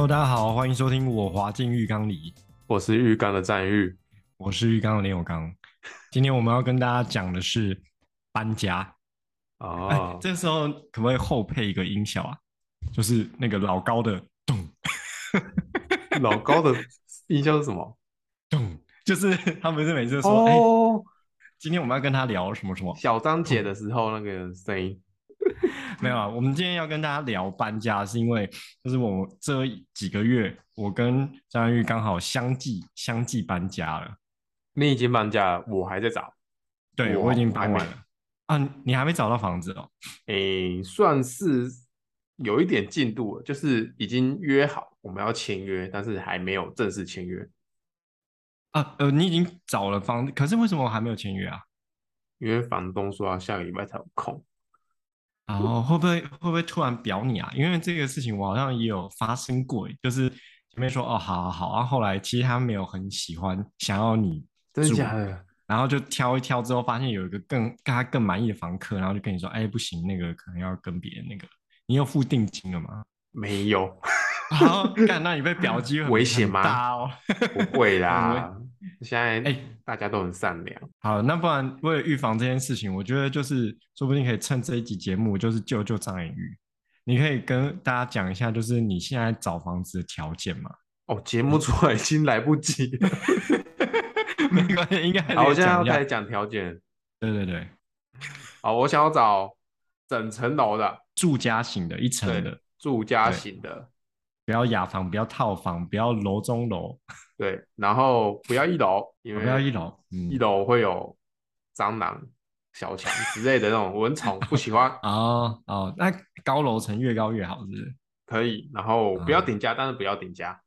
Hello，大家好，歡迎收聽我滑進浴缸裡，我是浴缸的戰日，我是浴缸的林友剛。今天我們要跟大家講的是搬家啊、oh. 欸，這個、時候可不可以後配一個音效啊？就是那個老高的咚， 老高的音效是什麼？咚，就是他們是每次說，哎、oh. 欸，今天我們要跟他聊什麼什麼？小張姐的時候那個聲音。沒有啊，我們今天要跟大家聊搬家，是因為就是我這幾個月，我跟張玉剛好相繼相繼搬家了。你已經搬家了，我還在找。對，我已經搬完了沒啊，你還沒找到房子哦？誒、欸，算是有一點進度了，就是已經約好我們要簽約，但是還沒有正式簽約。啊，呃，你已經找了房，可是為什麼我還沒有簽約啊？因為房東說要下個禮拜才有空。哦，會不會，會不會突然表你啊？因為這個事情我好像也有發生過，就是前面說哦好好、啊、好，然、啊、後來其實他沒有很喜歡想要你住，真的假的？然後就挑一挑之後，發現有一個更跟他更滿意的房客，然後就跟你說哎不行，那個可能要跟別人那個。你有付定金了嗎？沒有。好， 幹那你被表機、嗯、危險嗎？哦，不會啦。 嗯現在大家都很善良。欸、好，那不然為了預防這件事情，我覺得就是說不定可以趁這一集節目，就是救救張隱玉。你可以跟大家講一下，就是你現在找房子的條件嗎？哦，節目出來已經來不及了， 沒關係，應該還好，我現在要開始講條件。對對對，好，我想要找整層樓的住家型的一層的住家型的，不要雅房，不要套房，不要樓中樓。對，然後不要一樓，因為一樓一樓會有蟑螂、小強之類的那種蚊蟲， 不喜歡。哦哦，那高樓層越高越好是不是？可以，然後不要頂加，哦、但是不要頂加。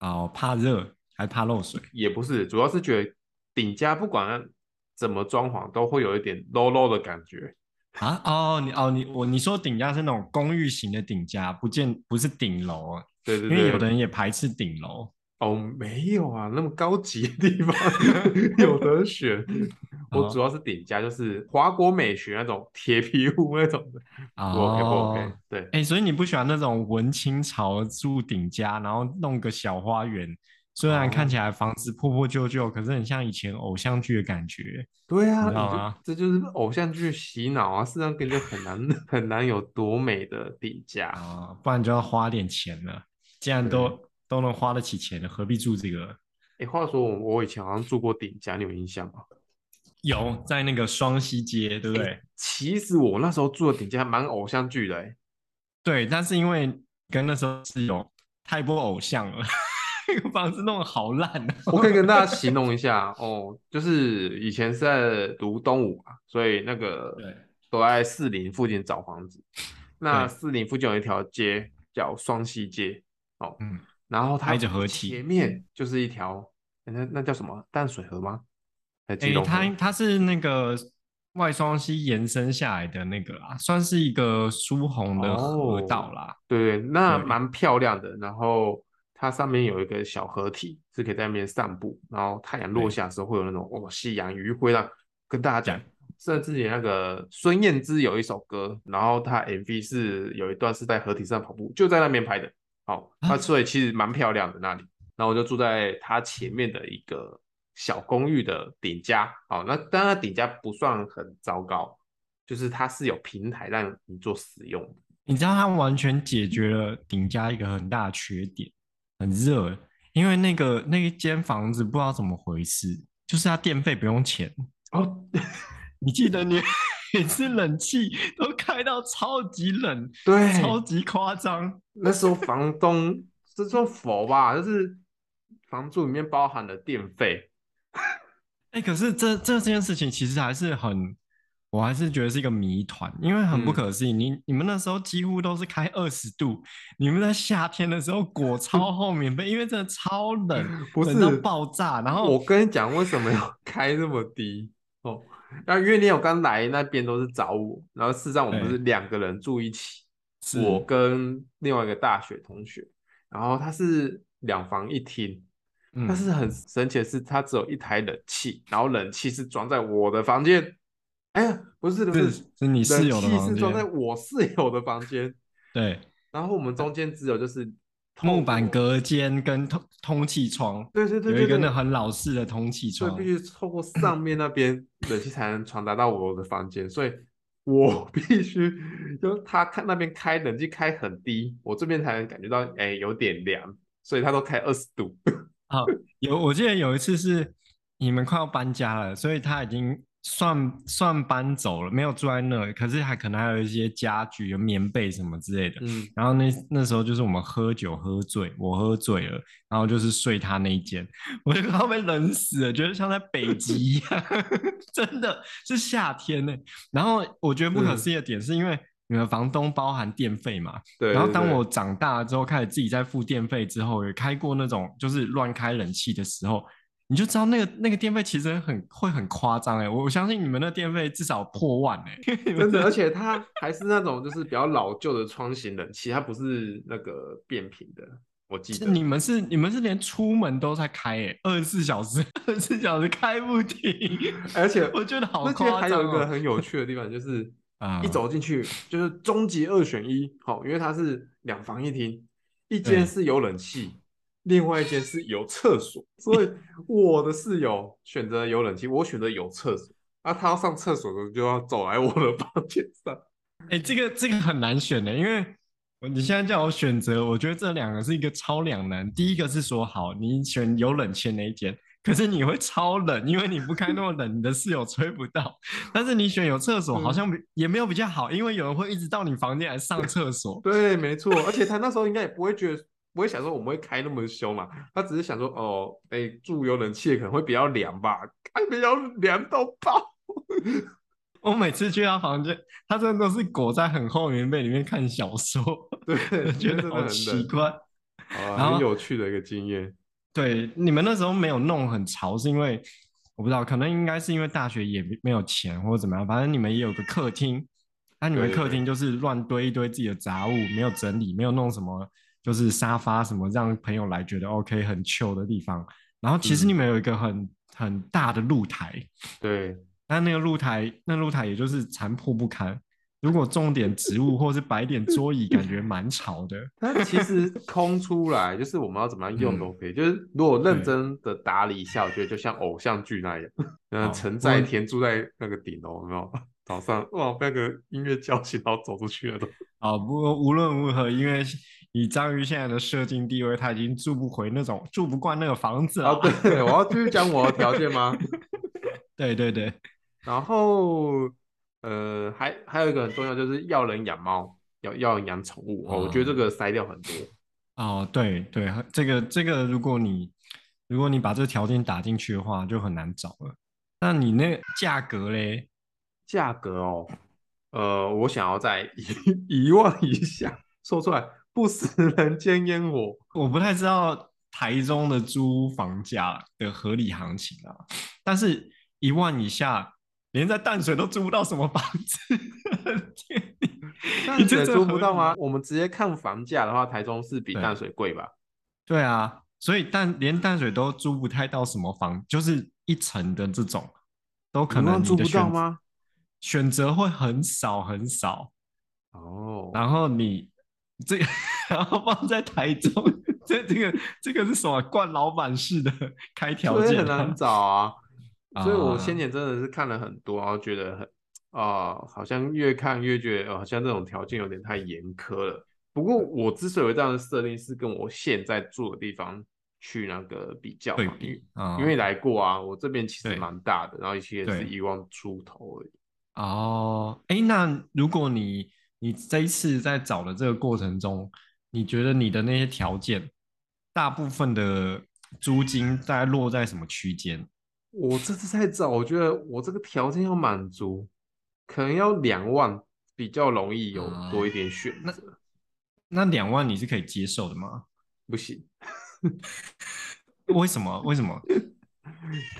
哦，怕熱還怕漏水？也不是，主要是覺得頂加不管怎麼裝潢，都會有一點 low low 的感覺。啊哦，你哦你我你說頂加是那種公寓型的頂加，不見不是頂樓、啊。對對對，因為有的人也排斥頂樓。哦，沒有啊，那麼高級的地方 有得選。 我主要是頂加，哦、就是華國美學那種鐵皮屋那種的啊。哦、不 OK 不 OK，對。哎、欸，所以你不喜歡那種文青潮住頂加，然後弄個小花園，雖然看起來房子破破舊舊，哦、可是很像以前偶像劇的感覺。對啊，這就是偶像劇洗腦啊！實際上根本很難 很難有多美的頂加啊，哦，不然就要花點錢了。既然都。都能花得起錢的，何必住這個？哎、欸，話說我以前好像住過頂加，你有印象嗎？有，在那個雙溪街，對不對、欸？其實我那時候住的頂加還蠻偶像劇的、欸，對，但是因為跟那時候是有太多偶像了， 房子弄得好爛、喔，我可以跟大家形容一下 哦，就是以前是在讀東吳嘛、啊，所以那個都在士林附近找房子，那士林附近有一條街對叫雙溪街，哦，嗯。然後它挨著河堤，前面就是一條，那那叫什麼淡水河嗎？誒誒它它是那個外雙溪延伸下來的那個啦、啊，算是一個疏洪的河道啦。哦、對，那蠻漂亮的。對然後它上面有一個小河堤，是可以在那邊散步。然後太陽落下的時候會有那種對哦夕陽餘暉啦、啊。跟大家講，對甚至於那個孫燕姿有一首歌，然後它 MV 是有一段是在河堤上跑步，就在那邊拍的。好，他、哦、所以其實蠻漂亮的那裡，然後、嗯、我就住在他前面的一個小公寓的頂加。好、哦，那當然頂加不算很糟糕，就是它是有平台讓你做使用。你知道他完全解決了頂加一個很大的缺點，很熱，因為那個那一間房子不知道怎麼回事，就是他電費不用錢哦。你記得你也是冷氣都，開到超級冷，對，超級誇張。那時候房東 這是佛吧，就是房租裡面包含了電費。哎、欸，可是這這件事情其實還是很，我還是覺得是一個謎團，因為很不可思議。嗯、你你們那時候幾乎都是開二十度，你們在夏天的時候裹超厚棉被， 因為真的超冷，不是冷到爆炸。然後我跟你講，為什麼要開這麼低 哦？然後因為你有剛來那邊都是找我，然後事實上我們是兩個人住一起，我跟另外一個大學同學，然後他是兩房一廳，嗯、但是很神奇的是他只有一台冷氣，然後冷氣是裝在我的房間，哎呀，不是不是，是，是你室友的嗎？是裝在我室友的房間，對，然後我們中間只有就是。木板隔間跟通通氣窗，對對對，有一個很老式的通氣窗，所以必須透過上面那邊 冷氣才能傳達到我的房間，所以我必須，就他看那邊開冷氣開很低，我這邊才能感覺到哎、欸、有點涼，所以他都開二十度。啊， 有，我記得有一次是你們快要搬家了，所以他已經。算算搬走了，沒有住在那，可是還可能還有一些家具，有棉被什麼之類的。是然後那那時候就是我們喝酒喝醉，我喝醉了，然後就是睡他那一間，我就剛剛被冷死了，覺得像在北極一樣， 真的是夏天呢。然後我覺得不可思議的點是因為你們房東包含電費嘛，是然後當我長大了之後對對對開始自己在付電費之後，也開過那種就是亂開冷氣的時候。你就知道那個那個電費其實很會很誇張哎，我相信你們的電費至少破萬哎、欸，真的， 而且它還是那種就是比較老舊的窗型冷氣，它不是那個變頻的，我記得你們是你們是連出門都在開哎、欸，二十四小時二十四小時開不停，而且 我覺得好誇張、喔。而且還有一個很有趣的地方就是， 一走進去就是終極二選一，好、哦，因為它是兩房一廳，一間是有冷氣。另外一間是有廁所，所以我的室友選擇有冷氣，我選擇有廁所。那、啊、他要上廁所的時候就要走來我的房間上。哎、欸，這個這個很難選呢，因為你現在叫我選擇，我覺得這兩個是一個超兩難。第一個是說，好，你選有冷氣那一間，可是你會超冷，因為你不開那麼冷， 你的室友吹不到。但是你選有廁所，好像也沒有比較好，嗯、因為有人會一直到你房間來上廁所。對，沒錯，而且他那時候應該也不會覺得。不會想說我們會開那麼凶嘛？他只是想說哦，哎、欸，住有冷氣可能會比較涼吧，還、哎、比較涼到爆。 我每次去他房間，他真的都是裹在很厚棉被裡面看小說，對， 覺得真的很奇怪，很有趣的一個經驗。對，你們那時候沒有弄很潮，是因為我不知道，可能應該是因為大學也沒有錢或者怎麼樣，反正你們也有個客廳，那、啊、你們客廳就是亂堆一堆自己的雜物，沒有整理，沒有弄什麼。就是沙發什麼，讓朋友來覺得 OK 很 Q 的地方，然後其實你們有一個很是很大的露台，對，但那個露台那露台也就是殘破不堪，如果種點植物或是擺點桌椅，感覺蠻潮的。 但其實空出來就是我們要怎麼樣用都可、OK, 以、嗯，就是如果認真的打理一下，對我覺得就像偶像劇那樣，嗯、哦，陳在天對住在那個頂樓、哦，有沒有早上哇被那個音樂叫醒，然後走出去了都。啊，不過無論如何，因為。以章魚現在的社經地位，他已經住不回那種住不慣那個房子了。哦、對對，我要繼續講我的條件嗎？對對 對。對對然後呃，還還有一個很重要，就是要人養貓，要要養寵物，哦哦、我覺得這個篩掉很多。哦，對對，這個這個，如果你如果你把這個條件打進去的話，就很難找了。那你那價格嘞？價格哦，呃，我想要再忘一一萬以下，說出來。不食人間煙火，我不太知道台中的租房價的合理行情啊。但是一萬以下，連在淡水都租不到什麼房子，淡 水租不到嗎？我們直接看房價的話，台中是比淡水貴吧，對？對啊，所以但連淡水都租不太到什麼房子，就是一層的這種，都可能租不到嗎？選擇會很少很少哦。Oh. 然後你。這個、然後放在台中，這這個這個是什麼慣老闆式的開條件、啊？所以很難找啊。所以我先前真的是看了很多，啊、然後覺得很啊、呃，好像越看越覺得、呃，好像這種條件有點太嚴苛了。不過我之所以有這樣的設定，是跟我現在住的地方去那個比較嘛，因、啊、因為來過啊，我這邊其實蠻大的，對然後一些是一萬出頭而已。哦，哎，那如果你。你這一次在找的這個過程中，你覺得你的那些條件，大部分的租金大概落在什麼區間？我這次在找，我覺得我這個條件要滿足，可能要兩萬比較容易有多一點選、嗯。那那兩萬你是可以接受的嗎？不行， 為什麼？為什麼？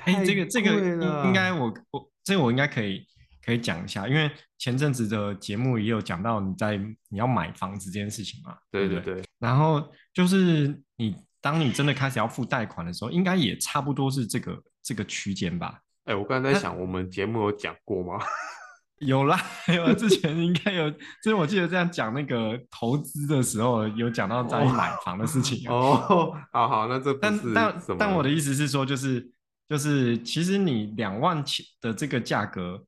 哎、欸，這個這個應該我我這個我應該可以。可以講一下，因為前陣子的節目也有講到你在你要買房子這件事情嘛。對對對，對，對。然後就是你當你真的開始要付貸款的時候，應該也差不多是這個這個區間吧？哎、欸，我剛才在想，但我們節目有講過嗎？有啦，有啦，之前應該有，所以 我記得這樣講那個投資的時候，有講到在買房的事情。Oh. 哦， 好好，那這不是什麼？但但但我的意思是說，就是就是其實你兩萬起的這個價格。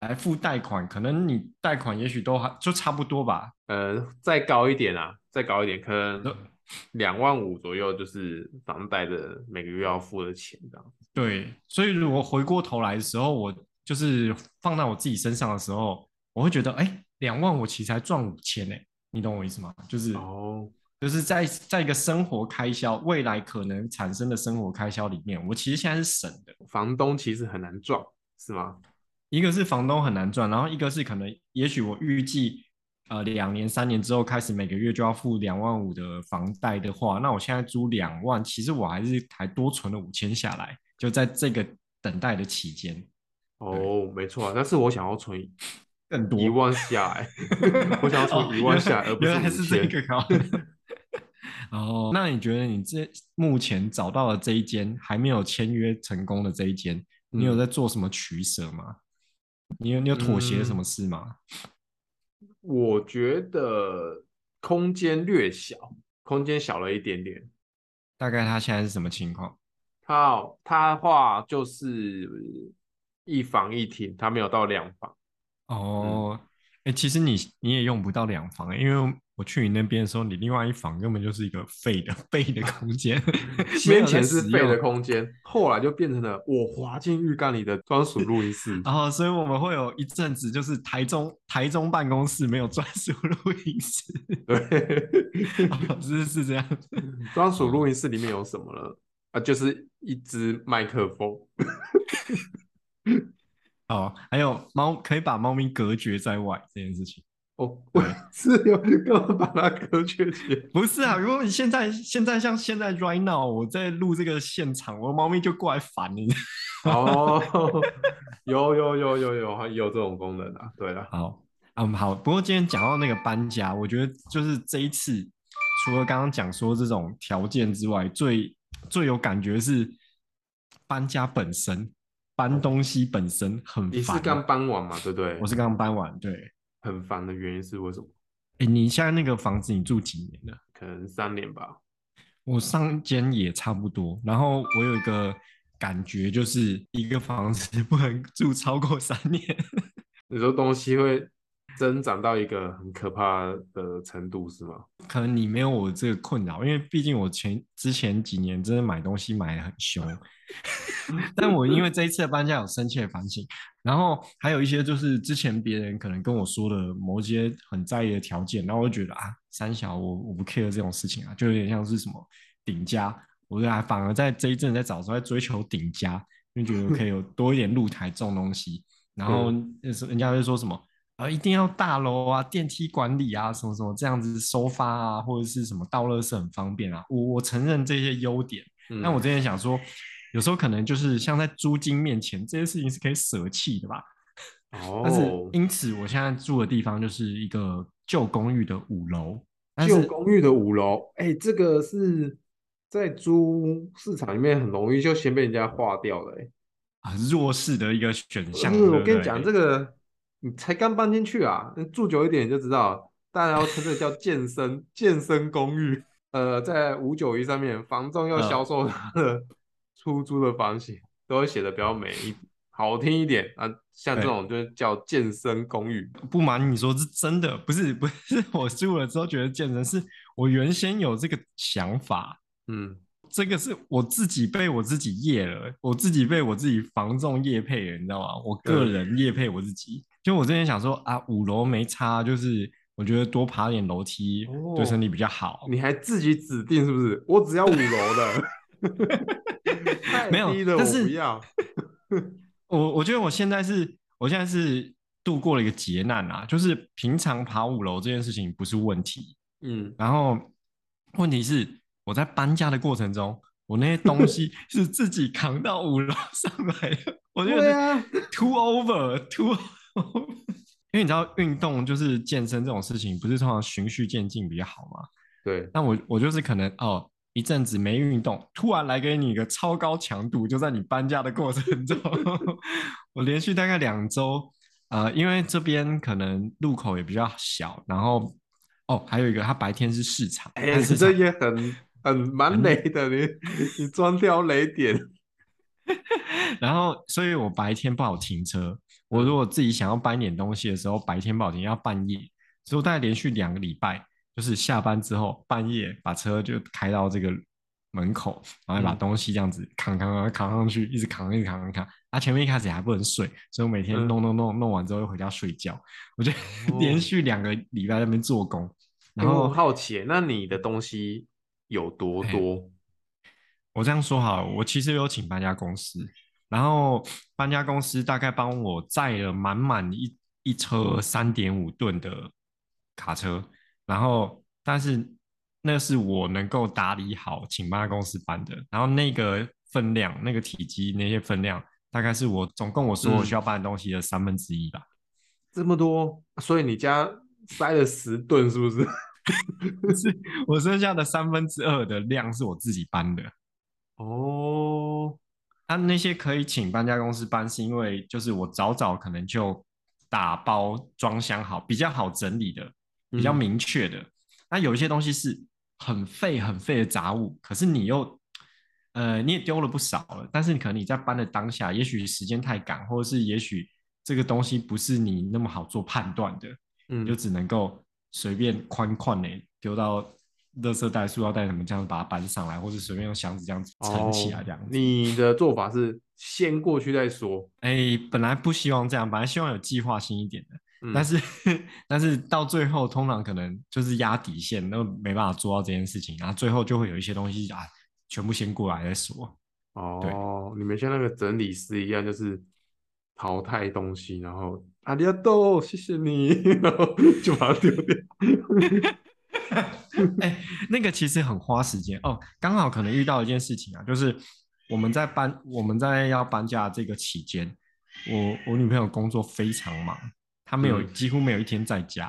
來付貸款，可能你貸款也許都還就差不多吧，呃，再高一點啊，再高一點，可能都兩萬五左右，就是房貸的每個月要付的錢這樣。對，所以如果回過頭來的時候，我就是放到我自己身上的時候，我會覺得，哎、欸，兩萬我其實才賺五千呢。你懂我意思嗎？就是哦，oh. 就是在在一個生活開銷，未來可能產生的生活開銷裡面，我其實現在是省的，房東其實很難賺，是嗎？一個是房東很難賺，然後一個是可能，也許我預計，呃，兩年三年之後開始每個月就要付兩萬五的房貸的話，那我現在租兩萬，其實我還是還多存了五千下來，就在這個等待的期間。哦，對沒錯，啊，但是我想要存更多一萬下來， 我想要存一萬下來，而不是五千。哦，這個 哦，那你覺得你這目前找到了這一間還沒有簽約成功的這一間，嗯、你有在做什麼取捨嗎？你有你有妥協什麼事嗎？嗯，我覺得空間略小，空間小了一點點。大概他現在是什麼情況？哦，他他的話就是一房一廳，他沒有到兩房。哦，哎，嗯，欸，其實你你也用不到兩房、欸，因為。我去你那邊的時候，你另外一房根本就是一個廢的、廢的空間。 面前是廢的空間， 後來就變成了我滑進浴缸裡的專屬錄音室。然後、哦，所以我們會有一陣子就是台中、台中辦公室沒有專屬錄音室。對、 哦，是是這樣子。專屬錄音室裡面有什麼呢？ 啊，就是一支麥克風。 哦，還有貓，可以把貓咪隔絕在外這件事情。哦，oh, 對我自跟我把它割去。不是啊，如果你現在現在像現在 right now 我在錄這個現場，我的貓咪就過來煩你。哦，oh, 有有有有有有這種功能啊。對啊，好，嗯，好。不過今天講到那個搬家，我覺得就是這一次，除了剛剛講說這種條件之外，最最有感覺是搬家本身，搬東西本身很煩、啊。你是剛搬完嘛？對不對？我是剛，剛搬完，對。很煩的原因是為什麼？欸，你現在那個房子你住幾年了？可能三年吧。我上間也差不多。然後我有一個感覺，就是一個房子不能住超過三年，有時候東西會增長到一個很可怕的程度，是嗎？可能你沒有我這個困擾，因為畢竟我前之前幾年真的買東西買的很凶。 但我因為這一次搬家有深切的反省，然後還有一些就是之前別人可能跟我說的某些很在意的條件，然後我就覺得啊，三小，我我不 care 這種事情啊，就有點像是什麼頂加，我就還反而在這一陣在找時候在追求頂加，因為覺得可以有多一點露台種東西， 然後人家會說什麼啊，一定要大樓啊，電梯管理啊，什麼什麼這樣子收發啊，或者是什麼到樂是很方便啊，我我承認這些優點，但我之前想說，有時候可能就是像在租金面前，這些事情是可以捨棄的吧。Oh. 但是因此我現在住的地方就是一個舊公寓的五樓，舊公寓的五樓，哎、欸，這個是在租市場裡面很容易就先被人家劃掉的、欸，啊，弱勢的一個選項。嗯、對對，我跟你講，這個你才剛搬進去啊，住久一點就知道，大家要稱這叫健身 健身公寓，呃，在五九一上面，房仲要銷售他的、嗯。出租的房型都會寫的比較美，好聽一點啊。像這種就叫健身公寓。欸、不瞞你說，是真的，不是不是，我住了之後覺得健身是我原先有這個想法，嗯，這個是我自己被我自己業了，我自己被我自己房仲業配了，你知道嗎？我個人業配我自己。欸、就我之前想說啊，五樓沒差，就是我覺得多爬點樓梯、哦、對身體比較好。你還自己指定是不是？我只要五樓的。 沒有，但是，我不 我，我覺得我現在是，我現在是度過了一個劫難啊！就是平常爬五樓這件事情不是問題，嗯，然後問題是我在搬家的過程中，我那些東西是自己扛到五樓上來的， 我覺得 too over，too over。 因為你知道運動就是健身這種事情，不是通常循序漸進比較好嘛？對，那我我就是可能哦。一陣子沒運動，突然來給你一個超高強度，就在你搬家的過程中， 我連續大概兩周，呃，因為這邊可能路口也比較小，然後哦，還有一個，它白天是市場，哎，這也很很蠻雷的，很你你裝掉雷點， 然後所以我白天不好停車，我如果自己想要搬一點東西的時候，白天不好停，要半夜，所以我大概連續兩個禮拜。就是下班之後半夜把車就開到這個門口，然後把東西這樣子扛扛扛、啊、扛上去，一直扛一直扛扛、啊、扛。他、啊、前面一開始還不能睡，所以我每天弄弄弄弄完之後又回家睡覺。嗯、我就連續兩個禮拜在那邊做工。嗯、然後我好奇，那你的東西有多多？欸、我這樣說好了，我其實有請搬家公司，然後搬家公司大概幫我載了滿滿一一車三點五噸的卡車。然後，但是那是我能夠打理好請搬家公司搬的。然後那個分量、那個體積、那些分量，大概是我總共我說我需要搬的東西的三分之一吧、嗯。這麼多，所以你家塞了十噸是不是？不 是，我剩下的三分之二的量是我自己搬的。哦、oh, 啊，他那些可以請搬家公司搬，是因為就是我早早可能就打包裝箱好，比較好整理的。比較明確的，那、嗯、有一些東西是很廢、很廢的雜物，可是你又，呃，你也丟了不少了。但是你可能你在搬的當下，也許時間太趕，或者是也許這個東西不是你那麼好做判斷的，嗯，就只能夠隨便寬寬的丟到，垃圾袋、塑料袋什麼這樣子把它搬上來，或者隨便用箱子這樣子撐起來這樣、哦、你的做法是先過去再說。哎、欸，本來不希望這樣，本來希望有計劃性一點的。但是，嗯、但是到最後，通常可能就是壓底線，那沒辦法做到這件事情，然後最後就會有一些東西啊，全部先過來再說。哦，對你們像那個整理師一樣，就是淘汰東西，然後阿里亞豆，謝謝你，然後就把它丟掉。哎、 欸，那個其實很花時間哦。剛好可能遇到一件事情啊，就是我們在搬，我們在要搬家這個期間，我我女朋友工作非常忙。他沒有，幾乎沒有一天在家，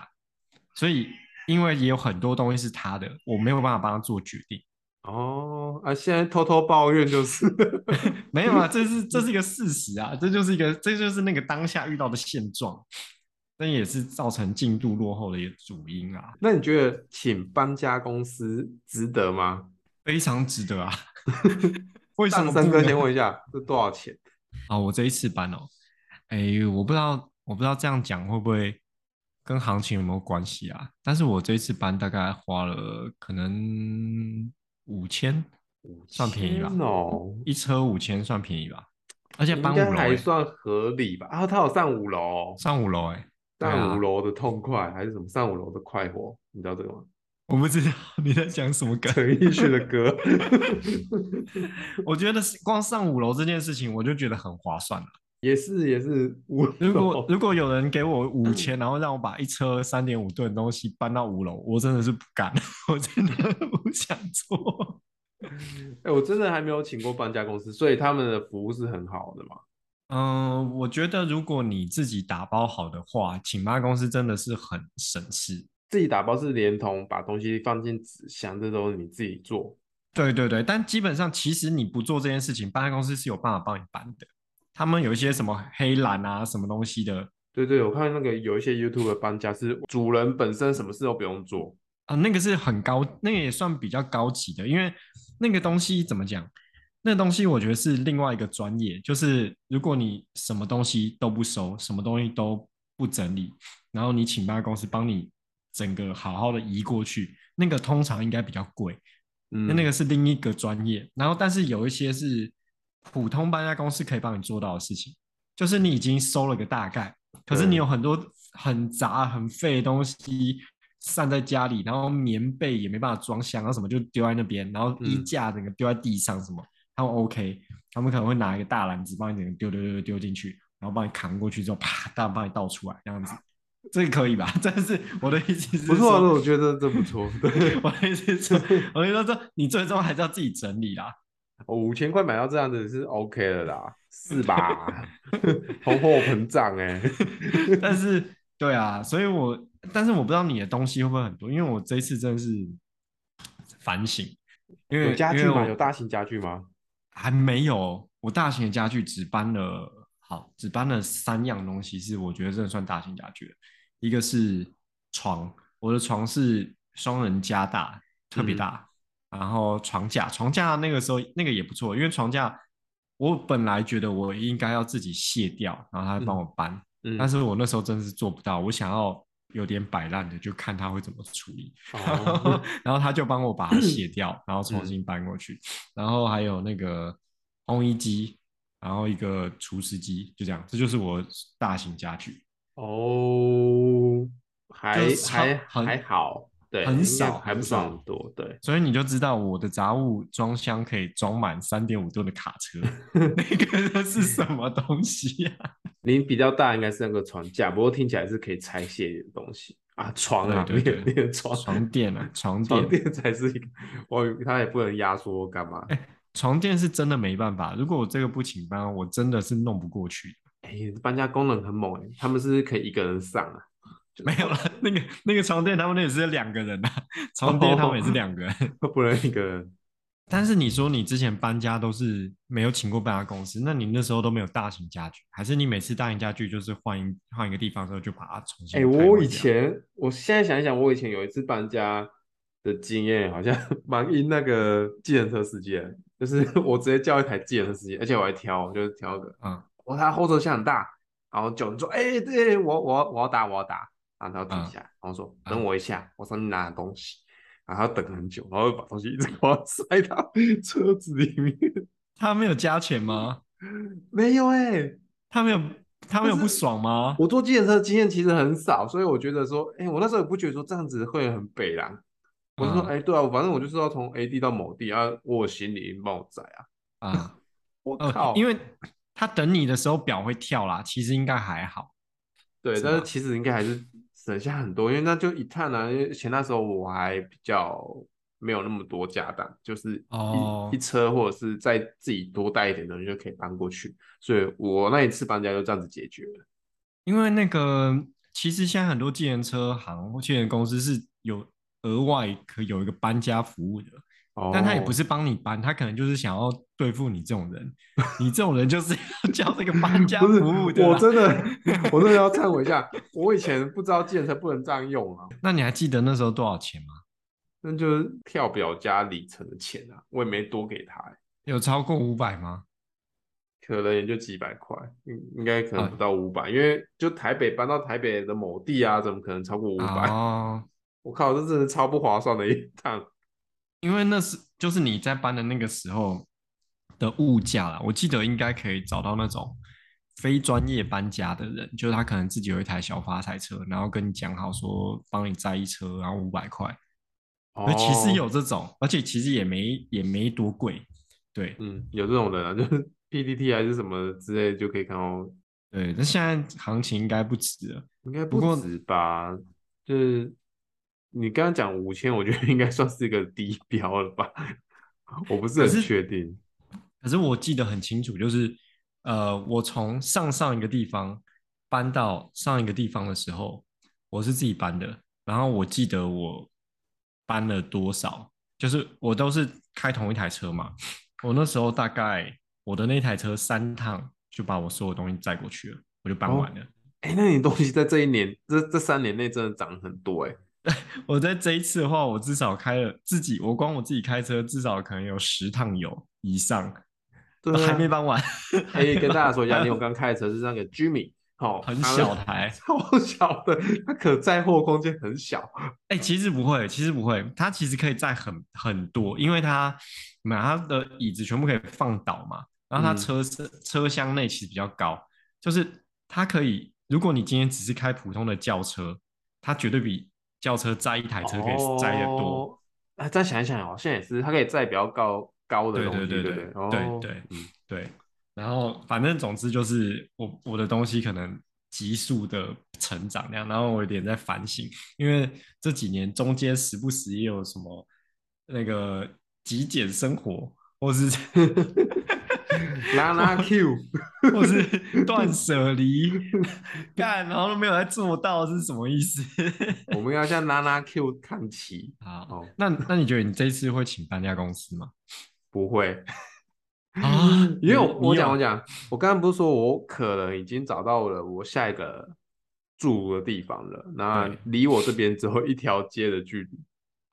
嗯、所以因為也有很多東西是他的，我沒有辦法幫他做決定。哦，啊，現在偷偷抱怨就是 沒有啊，這是這是一個事實啊，嗯、這就是一個這就是那個當下遇到的現狀，那也是造成進度落後的一個主因啊。那你覺得請搬家公司值得嗎？非常值得啊。為什麼 三哥先問一下，這多少錢？啊， 我這一次搬哦，哎、欸，我不知道。我不知道這樣講會不會跟行情有沒有關係啊？但是我這次搬大概花了可能五千，算便宜吧，喔、一車五千算便宜吧，而且搬五樓、欸、還算合理吧？啊，他有上五樓，上五樓哎、欸，上五樓的痛快、啊、還是什麼？上五樓的快活，你知道這個嗎？我不知道你在講什麼歌，陳奕迅的歌。 我覺得光上五樓這件事情，我就覺得很划算了。也是也是，我如果如果有人給我五千，嗯、然後讓我把一車三點五噸的東西搬到五樓，我真的是不敢，我真的不想做。哎、欸，我真的還沒有請過搬家公司，所以他們的服務是很好的嘛？嗯、呃，我覺得如果你自己打包好的話，請搬家公司真的是很省事。自己打包是連同把東西放進紙箱，這都是你自己做。對對對，但基本上其實你不做這件事情，搬家公司是有辦法幫你搬的。他們有一些什麼黑藍啊，什麼東西的？對對，我看那個有一些 YouTube 的搬家是主人本身什麼事都不用做啊，那個是很高，那個也算比較高級的，因為那個東西怎麼講？那個東西我覺得是另外一個專業，就是如果你什麼東西都不收，什麼東西都不整理，然後你請搬家公司幫你整個好好的移過去，那個通常應該比較貴，嗯，那個是另一個專業。然後但是有一些是。普通搬家公司可以幫你做到的事情，就是你已經收了個大概，可是你有很多很雜很廢的東西散在家裡，然後棉被也沒辦法裝箱，啊，然後什麼就丟在那邊，然後衣架整個丟在地上什麼，嗯、他們 OK，他們可能會拿一個大籃子幫你整個丟丟丟丟進去，然後幫你扛過去之後，啪，再幫你倒出來這樣子，這個可以吧？但是我的意思是，不錯，我覺得這不錯。對，我的意思是，我跟你說，你最終還是要自己整理啦。五千塊買到這樣子是 OK 了啦，是吧？通貨 膨脹哎，但是對啊，所以我，但是我不知道你的東西會不會很多，因為我這一次真的是反省。因為有家具嗎？有大型家具嗎？還沒有，我大型的家具只搬了好只搬了三樣東西，是我覺得這算大型家具，一個是床，我的床是雙人加大，特別大。嗯然後床架。床架那個時候那個也不錯，因為床架我本來覺得我應該要自己卸掉，然後他幫我搬，嗯嗯、但是我那時候真的是做不到，我想要有點擺爛的，就看他會怎麼處理。哦、 然後他就幫我把它卸掉，嗯、然後重新搬過去。嗯、然後還有那個烘衣機，然後一個除濕機，就這樣，這就是我大型家具。哦，還很還還好。對很少，還不是很多，很少對，所以你就知道我的雜物裝箱可以裝滿三點五噸的卡車， 那個是什麼東西呀、啊？ 你比較大，應該是那個床架，不過聽起來是可以拆卸的東西啊。床、欸、啊，對，對,對，那個床床墊啊，床床墊才是床，床，我它也不能壓縮幹嘛？欸、床墊是真的沒辦法，如果我這個不請搬，我真的是弄不過去。床、欸，搬家工人很猛，床、欸，他們是不是可以一個人上啊？ 沒有了，那個那個床墊，他們那裡是兩個人吶。床墊他們也是兩個、啊 oh，個人，不能一個人。但是你說你之前搬家都是沒有請過搬家公司，那你那時候都沒有大型家具，還是你每次大型家具就是換一換一個地方之後就把它重新？哎、欸，我以前，我現在想一想，我以前有一次搬家的經驗，好像蠻因那個計程車司機，就是我直接叫一台計程車司機，而且我還挑，就是挑個，嗯，我、哦、他後車廂很大，然後叫你說，哎、欸，對我，我我要，我要打，我要打。然後他要等一下來，嗯、然後說等我一下，嗯、我上面拿東西，然後他要等很久，然後把東西一直給我塞到車子裡面。他沒有加錢嗎？沒有哎，他沒有，他沒有不爽嗎？我坐計程車，車經驗其實很少，所以我覺得說，哎、欸，我那時候也不覺得說這樣子會很北啦。嗯、我就說，哎、欸，對啊，反正我就是要從 A D 到某地啊，我行李幫我載啊。啊、嗯， 我靠，因為他等你的時候表會跳啦，其實應該還好。對，是嗎但是其實應該還是。省下很多，因為那就一趟，啊、因為前那時候我還比較沒有那麼多家當，就是一、oh. 一車或者是再自己多帶一點東西就可以搬過去，所以我那一次搬家就這樣子解決了。因為那個其實現在很多計程車行、或計程公司是有額外可有一個搬家服務的。但他也不是幫你搬，他可能就是想要對付你這種人。你這種人就是要叫這個搬家服務的 不是。我真的，我真的要懺悔一下， 我以前不知道建材不能這樣用啊。那你還記得那時候多少錢嗎？那就是跳表加里程的錢啊，我也沒多給他、欸。有超過五百嗎？可能也就幾百塊，應應該可能不到五百、嗯，因為就台北搬到台北的某地啊，怎麼可能超過五百、哦？我靠，這真的超不划算的一趟。因為那是就是你在搬的那個時候的物價啦。我記得應該可以找到那種非專業搬家的人，就是他可能自己有一台小發財車，然後跟你講好說幫你載一車，然後五百塊。哦、其實有這種，而且其實也沒也沒多貴。對，嗯，有這種人啊，就是 PTT 還是什麼之類的就可以看到。對，那現在行情應該不止了，應該不止吧？過就是。你剛剛講五千，我覺得應該算是一個低標了吧？ 我不是很確定。可是，可是我記得很清楚，就是呃，我從上上一個地方搬到上一個地方的時候，我是自己搬的。然後我記得我搬了多少，就是我都是開同一台車嘛。我那時候大概我的那台車三趟就把我所有東西載過去了，我就搬完了。哎、哦，那你東西在這一年這這三年內真的漲很多哎。我在這一次的話，我至少開了自己，我光我自己開車至少可能有十趟有以上，都、啊哦、還沒搬完。可以、欸欸、跟大家說一下，因為我剛開的車是那個 Jimmy，好、哦，很小台，超小的，它可載貨空間很小。哎、欸，其實不會，其實不會，它其實可以載很很多，因為它，它、啊、的椅子全部可以放倒嘛，然後它車身、嗯、車廂內其實比較高，就是它可以，如果你今天只是開普通的轎車，它絕對比。轎車載一台車可以載得多，哦啊，再想一想，一想，好像也是，它可以載比較高高的東西，對對對對對對，對，哦對，對嗯，對。然後反正總之就是我我的東西可能急速的成長那樣，然後我有點在反省，因為這幾年中間時不時也有什麼那個極簡生活或是。 拉拉 Q，或是斷捨離，幹，然後都沒有在做到，是什麼意思？我們要向拉拉 Q 看齊好、哦。哦，那那你覺得你這一次會請搬家公司嗎？不會 啊，因為有有我講我講，我剛剛不是說我可能已經找到了我下一個住的地方了，那離我這邊只有一條街的距離。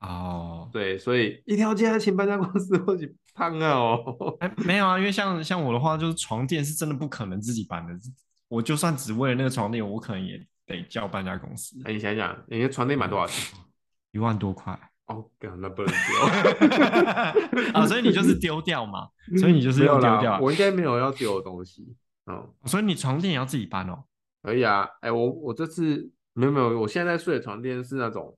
哦，oh. 對，所以一條街請搬家公司過去胖啊！哦，哎、 欸，沒有啊，因為像像我的話，就是床墊是真的不可能自己搬的，我就算只為了那個床墊，我可能也得叫搬家公司。哎、欸，你想想，你、欸、的床墊買多少錢？ 一萬多塊。哦，oh, 那不能丟。啊、 哦，所以你就是丟掉嘛， 所以你就是要丟掉、啊 嗯。我應該沒有要丟的東西。哦、嗯，所以你床墊也要自己搬哦？可以啊。哎、欸，我我這次沒有沒有，我現在,在睡的床墊是那種。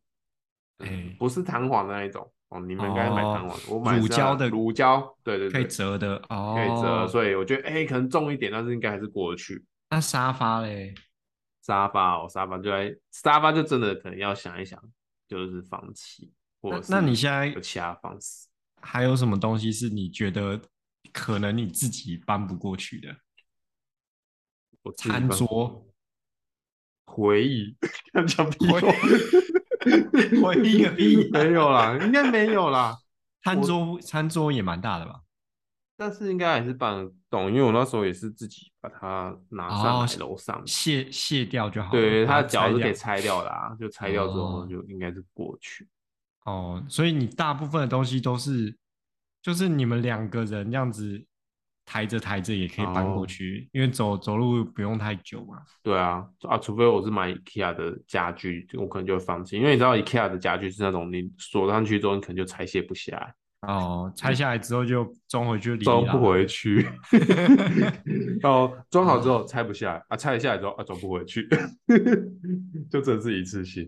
嗯、不是彈簧的那一種、哦、你們應該買彈簧的。哦、我買、啊、乳膠的，乳膠，對對對，可以折的、哦、可以折。所以我覺得，哎、欸，可能重一點，但是應該還是過得去。那沙发呢？沙发哦，沙发就沙发，就真的可能要想一想，就是放棄。那你現在有其他方式？啊、還有什麼東西是你覺得可能你自己搬不過去的？我搬餐桌，回憶，不？ 唯 一個沒有啦，應該沒有啦。 餐桌我餐桌也蠻大的吧，但是應該還是搬得動，因為我那時候也是自己把它拿上來樓上，哦、卸卸掉就好了。了對，它的腳是給拆掉的，拆掉就拆掉之後就應該是過去。哦，所以你大部分的東西都是，就是你們兩個人這樣子。抬着抬着也可以搬過去，哦、因為走走路不用太久嘛。對啊，啊，除非我是買 IKEA 的家具，我可能就會放棄，因為你知道 IKEA 的家具是那種你鎖上去之後，你可能就拆卸不下來哦，拆下來之後就裝回去，裝不回去。 哦，裝好之後拆不下來 啊，啊，拆下來之後啊，裝不回去， 就這是一次性。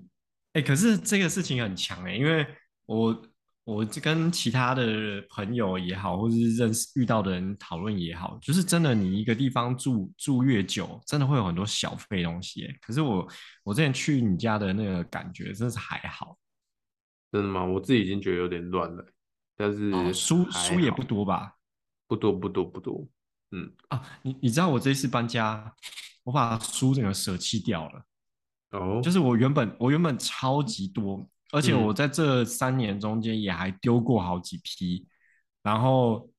哎、欸，可是這個事情很強哎、欸，因為我。我就跟其他的朋友也好，或者是認識遇到的人討論也好，就是真的，你一個地方住住越久，真的會有很多小費東西。可是我我之前去你家的那個感覺，真的是還好。真的嗎？我自己已經覺得有點亂了。但是、哦、書書也不多吧？不多不多不多。嗯啊，你你知道我這次搬家，我把書整個舍棄掉了。哦，就是我原本我原本超級多。而且我在這三年中間也還丟過好幾批，嗯、然後，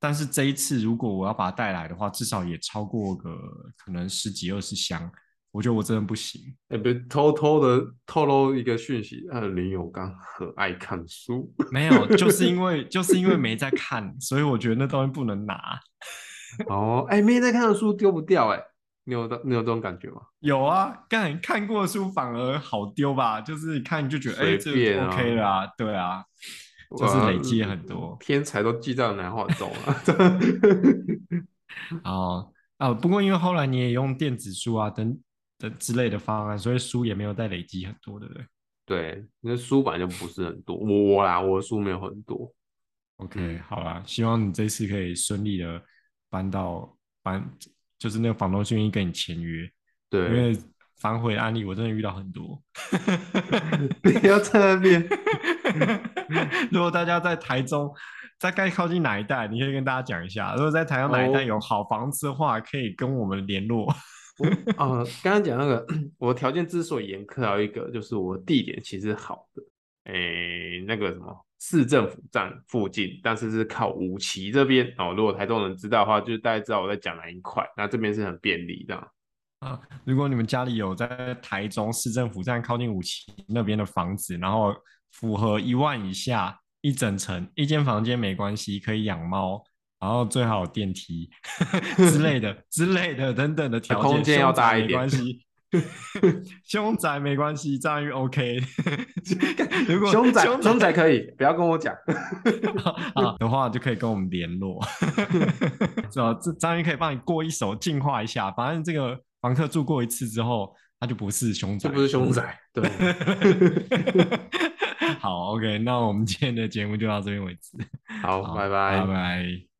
但是這一次如果我要把它帶來的話，至少也超過個可能十幾二十箱，我覺得我真的不行。哎、欸，別偷偷的透露一個訊息，呃，林有剛很愛看書。沒有，就是因為 就是因為沒在看，所以我覺得那東西不能拿。哦，哎、欸，沒在看的書丟不掉哎、欸。你有你有這種感覺嗎？有啊，但看過書反而好丟吧，就是看你就覺得哎、啊欸，這個、OK 啦、啊，對啊，啊就是累積很多，天才都記在腦海中了、啊。哦 啊，不過因為後來你也用電子書啊，等等之類的方案，所以書也沒有再累積很多了，對不對？對，因為書本來就不是很多， 我啦，我的書沒有很多。OK，好啦，嗯、希望你這次可以順利的搬到搬。就是那個房東是願意跟你簽約，對，因為反悔的案例我真的遇到很多，比較特別。 如果大家在台中，在該靠近哪一帶，你可以跟大家講一下。如果在台中哪一帶有好房子的話，哦、可以跟我們聯絡。我剛剛講那個，我條件之所以嚴苛，還有一個就是我地點其實好的。誒，那個什麼市政府站附近，但是是靠五期這邊哦。如果台中人知道的話，就大家知道我在講哪一塊。那這邊是很便利的、啊、如果你們家裡有在台中市政府站靠近五期那邊的房子，然後符合一萬以下、一整層、一間房間沒關係，可以養貓，然後最好電梯呵呵之類的、 之類的等等的條件，空間要大一點， 凶宅 沒關係，章魚 OK。 如果凶宅，凶宅可以，不要跟我講啊的話就可以跟我們聯絡。知 道、啊，這章魚可以幫你過一手，淨化一下。反正這個房客住過一次之後，他就不是凶宅，就不是凶宅。對， 好 OK，那我們今天的節目就到這邊為止。好，拜好拜拜。拜拜